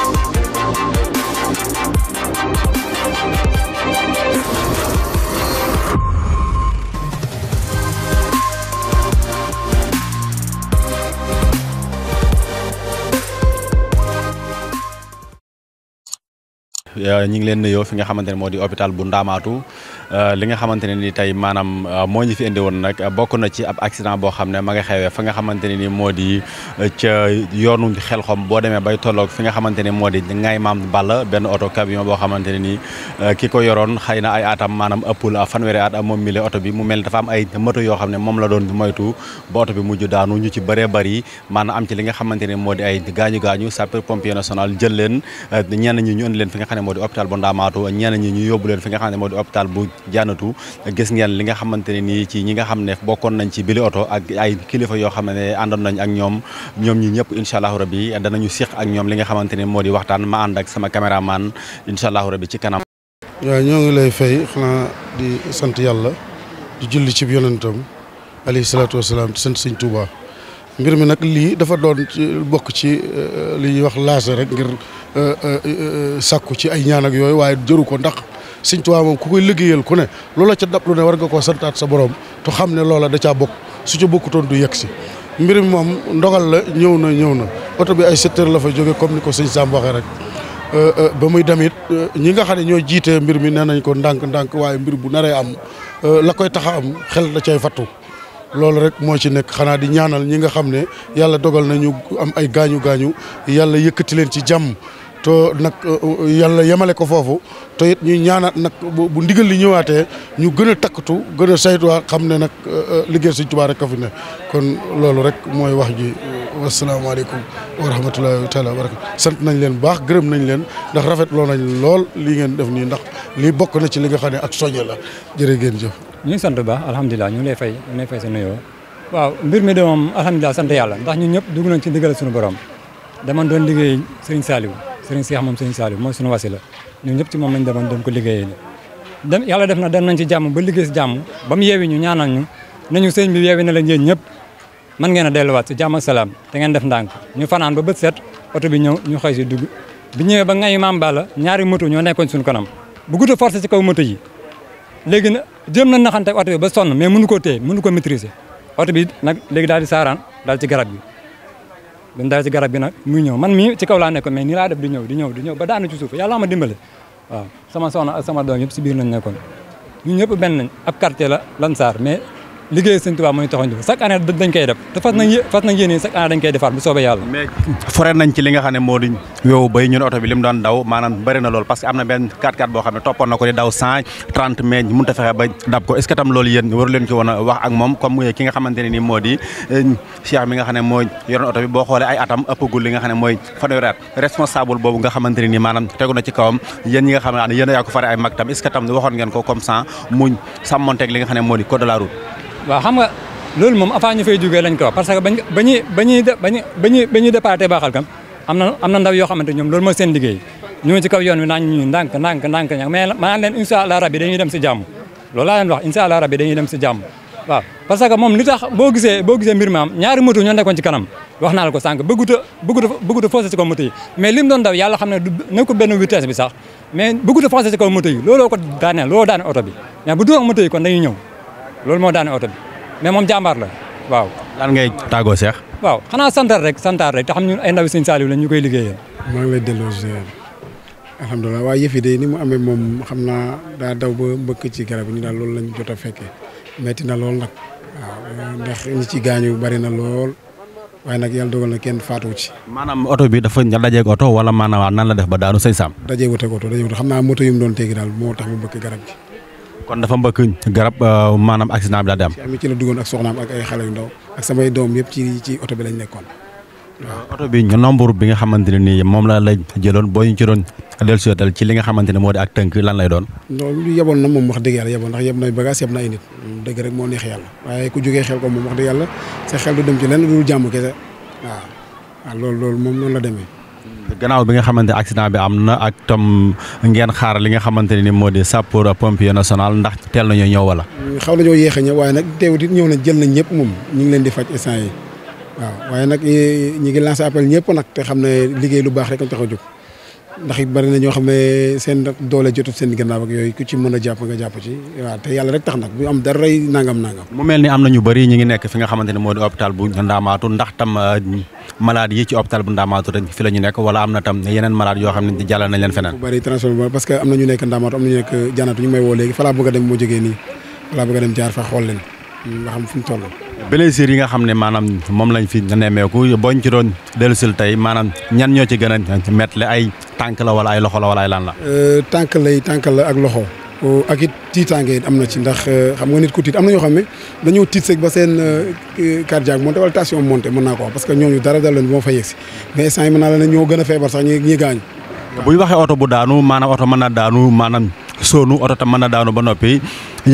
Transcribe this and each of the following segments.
Thank you. Euh, ñi ngi leen nuyoo fi nga xamante ne moo di hôpital bu Ndaamaatu euh, li nga xamante ne ni tey maanaam euh, moo ñu fi indi woon nag bokk na ci ab accident boo xam ne ma nga xewee fa nga xamante ne ni moo di yoonu xel xom boo demee bay tolloog fi nga xamante ne moo di ngay maam ball benn oto camion boo xamante ne ni ki ko yoroon xëy na ay atam maanaam ëppul fanweeri at moom mi le oto bi mu mel dafa am ay moto yoo xam ne moom la doon moytu ba oto bi mujj daanu ñu ci bëree bëri maanaam am ci li nga xamante ne moo di ay gaañu gaañu sapeur pompier national jël leen ñenn ñi ñu indi leen fi nga xam moo di hôpital bu Ndaamaatu ñenn ñi ñu yóbbu leen fi nga xam ne moo di hôpital bu Janatu gis li nga xamante ne nii ci ñi nga xam ne bokkoon ci bili oto ay kilifa yoo xam ne ak ñoom ñoom ñi ñëpp incha allahu rabi danañu siq ak ñoom li nga xamante moo di waxtaan ma ànd ak sama caméraman incha allahu rabi ci kanam waaw ñoo ngi lay fay xanaa di sant yàlla di julli ci yonentam alayhi salaatu wasalaam di sant sëñ Touba mbir mi nag lii dafa doon bokk ci eh, li ñuy wax laase Euh, euh, euh, sakku ci ay ñaan ak yooyu waaye jëru ko ndax Sëñ Tuubaa moom ku koy liggéeyal ku ne loola ca dab lu war nga koo santaat sa borom te xam ne loola da caa bokk su ca bokkutoon du yegg si. mbir mi moom ndogal la ñëw na ñëw na oto bi ay sept la fa jóge comme ni ko sëñ Sam waxee rek ba muy dem it ñi nga xam ne ñooy jiitee mbir mi nee nañ ko ndànk-ndànk waaye mbir bu naree am la koy tax a am xel da cay fattu. loolu rek moo ci nekk xanaa di ñaanal ñi nga xam ne yàlla dogal na am ay gaañu gaañu yàlla yëkkati leen ci jàmm te nag euh, yàlla yemale ko foofu te it ñuy ñaanaat nag bu ndigal li ñëwaatee ñu gën a takkatu gën a xam ne nag euh, euh, liggéey Sëñ Tuubaa rek ka kon loolu rek mooy wax ji wasalaamaaleykum wa rahmatullahi taala wa barakatu sant nañ leen baax gërëm nañ leen ndax rafetloo nañ lool lii ngeen def nii ndax lii bokk na ci li nga xam ne ak soññe la jërë ngeen jëf ñu sant bu baax alhamdulilah ñu ngi lay fay ñu ngi lay fay sa waaw mbir mi de sant yàlla ndax ñun ñëpp dugg nañ ci ndigal suñu borom dama doon liggéey Sëriñ Saliou sëriñ Cheikh moom sëriñ Saliou mooy suñu wasila ñun ñëpp ci moom lañ demoon doon ko liggéeyee ni dem def na dem nañ ci jàmm ba liggéey si jàmm ba mu yeewi ñu ñaanal ñu nañu sëñ bi yeewi na la yéen ñëpp mën ngeen a delluwaat si jàmm ak salaam te ngeen def ndànk ñu fanaan ba bët set oto bi ñëw ñu xëy si dugg bi ñëwee ba ngayu maam la ñaari moto ñoo nekkoon suñu kanam bu gudd forcé ci kaw moto yi léegi na jéem nañ naxante oto bi ba sonn mais mënu koo téye mënu ko maîtriser oto bi nag léegi daal di saaraan daal ci garab gi dañ daal si garab gi nag muy ñëw man mii ci kaw laa nekkoon mais nii laa def di ñëw di ñëw di ñëw ba daanu ci suuf yàlla ma dimbale waaw sama soxna ak sama doom yëpp si biir nañ nekkoon ñun ñëpp benn nañ ab quartier la Lansar mais liggéey sëñ Tuubaa mooy taxoon chaque année dañ koy def te fas nañ fas nañ yéene chaque année dañ koy defaat bu soobee yàlla mais nañ ci li nga xam ne moo di na am ne toppoon na ko di daw cent trente mais mënu ta fexe ba dab ko est ce que tam loolu yéen a wax ak moom comme nga xamante nii moo di euh, Cheikh mi nga xam ne moo yoroon oto bi boo xoolee ay atam ëppagul li nga xam ne mooy fanweeri responsable boobu nga xamante nii maanaam tegu ci kawam yéen ñi nga xam ne yéen yaa ko fare ay mag tam est waxoon ngeen ko comme ça muñ sàmmonteeg li waaw xam nga loolu moom avant ñu fay jugee lañ ko wax parce que bañ bañuy bañuy ba ñuy kam am na am na ndaw yoo xamante ñoom loolu mooy seen liggéey ñu ngi ci kaw yoon wi naan ñu ndànk ndànk ndànk ña mais maa leen incha allah rabbi dañuy dem boo am ñaari moto ñoo nekkoon ci kanam wax naa la ko sànq bëggut a a a forcé moto yi mais li mu doon daw yàlla xam ne du nekkul benn vitesse bi sax a forcé si moto yi looloo ko daaneel looloo daaneel oto bi mais bu dul moto yi kon dañuy loolu moo daane oto bi mais moom jàmbaar la waaw. daan ngay tàggoo Cheikh. waaw xanaa santar rek santar rek te xam ñun ay ndawi Sëñ Saaliw lañ ñu koy liggéeyal. maa ngi lay delloo ziar alhamdulilah waaye yëf yi de ni mu amee moom xam naa daa daw ba mbëkk ci garab ñu daal loolu lañ jot a fekkee metti na lool nag waaw ndax ñi ci gaañu bari na lool waaye nag yàlla dogal na kenn faatu ci. maanaam oto bi dafa ña dajeeg oto wala maanaam nan la def ba daanu Sëñ Saam. dajeewut ak oto dajeewut xam naa moto yu mu gi kon dafa mbëkk garab euh, maanaam accident bi daal di am. ci la duggoon ak soxnaam ak ay xale yu ndaw ak samay doom yëpp ci ci oto bi lañ nekkoon. oto bi nombre bi nga xamante ne nii moom laa la jëloon boo ñu ci doon dellusi dal ci li nga xamante ne moo di ak tënk lan lay doon. loolu yeboon na moom wax dëgg yàlla yeboon ndax yeb na bagage yeb na ay nit mm, dëgg rek moo neex yàlla waaye ku jógee xel ko moom wax dëgg yàlla sa xel du dem ci lenn du jàmm kese loolu loolu moom noonu la demee. gannaaw bi nga xamante accident bi am na ak tam ngeen xaar li nga xamante ne ni moo de di a pompier national ndax teel nañoo ñëw wala. xaw nañoo yéex a ñëw waaye nag teewut it ñëw na jël nañ ñëpp moom ñu ngi leen di faj instant yi waaw waaye nag eh, ñi ngi lancé appel ñëpp nag te xam ne liggéey lu baax rek ñu tax a jóg ndax it bari na ñoo xam ne seen doole jotul seen gannaaw ak yooyu ku ci mën a jàpp nga jàpp ci waaw te yàlla rek tax nag bu am dara rey nangam nangam. mu mel ni am na ñu bëri ñi ngi nekk fi nga xamante ne moo di hôpital bu Ndamatou ndax tam euh, malade yi ci hôpital bu Ndamatou rek fi la nekk wala am na tam yeneen malade yoo xam ne jàllal leen feneen. bu bëri parce que am na ñu nekk Ndamatou am na ñu nekk Janatu ñu may woo léegi fa laa bëgg a dem moo a dem jaar fa xool blessures yi nga xam ne maanaam moom lañ fi nemmeeku boñ ci doon dellusil tey maanaam ñan ñoo ci gën a mettre ay tànk la wala ay loxo la wala ay lan la. Euh, tànk lay tànk la ak loxo. Euh, ak it tiitaange it am na ci ndax euh, xam nga nit ku tiit am na ñoo xam ne dañoo tiit sëg ba seen cardiaque monté wala tension monté mën naa ko wax parce que ñooñu dara dal leen bu ma fa yegsi mais instant yi naa la ñoo gën a feebar sax ñi ñi gaañu. bu ñu waxee oto bu daanu maanaam oto mën na daanu maanaam soonu oto tam mën na daanu ba noppi.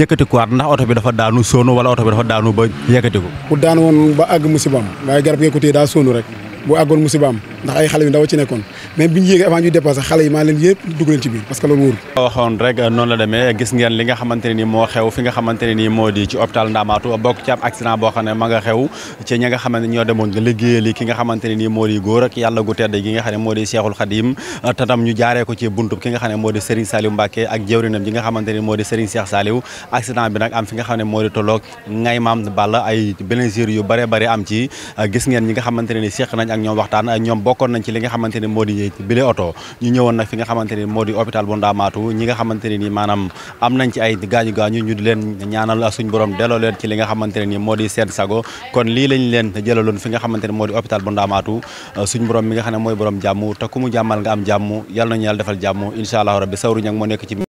yëkkatikuwaat ndax oto bi dafa daanu sóonu wala oto bi dafa daanu ba yëkkatiku. bu daanu woon ba àgg musibam waaye garab gi ko téye daa sóonu rek. boo àggoon musibaam ndax ay xale yu ndaw ci nekkoon même bi ñu yéegee avant ñuy dépassé xale yi maa leen yëpp dugg leen ci biir parce que loolu wóorul li nga ci hôpital accident boo xam ne ma nga xew ci ñi nga xamante ñoo demoon nga liggéeyal yi ki nga xamante moo di Seexul Xadim tatam ñu jaaree ko ci buntub ki nga xam ne moo di Serigne Saliou Mbacké ak jëwrinam ji nga xamante ne moo di Serigne Cheikh accident bi nag am fi nga xam ne moo di tolloog ngay maam ay blessures yu bare bare am ci gis ak ñoom waxtaan ñoom bokkoon nañ ci li nga xamante ne moo oto ñu ñëwoon nag fi nga xamante ne moo bu Ndaamaatu ñi nga xamante ne maanaam am nañ ci ay gaañu gaañu ñu di leen ñaanal suñ borom delloo leen ci li nga xamante ne seen sago kon lii lañ leen jëlaloon fi nga xamante ne moo bu Ndaamaatu suñ borom mi nga xam ne mooy borom jàmm te ku nga am jàmm yàlla nañu yàlla defal jàmm incha allahu rabbi sawru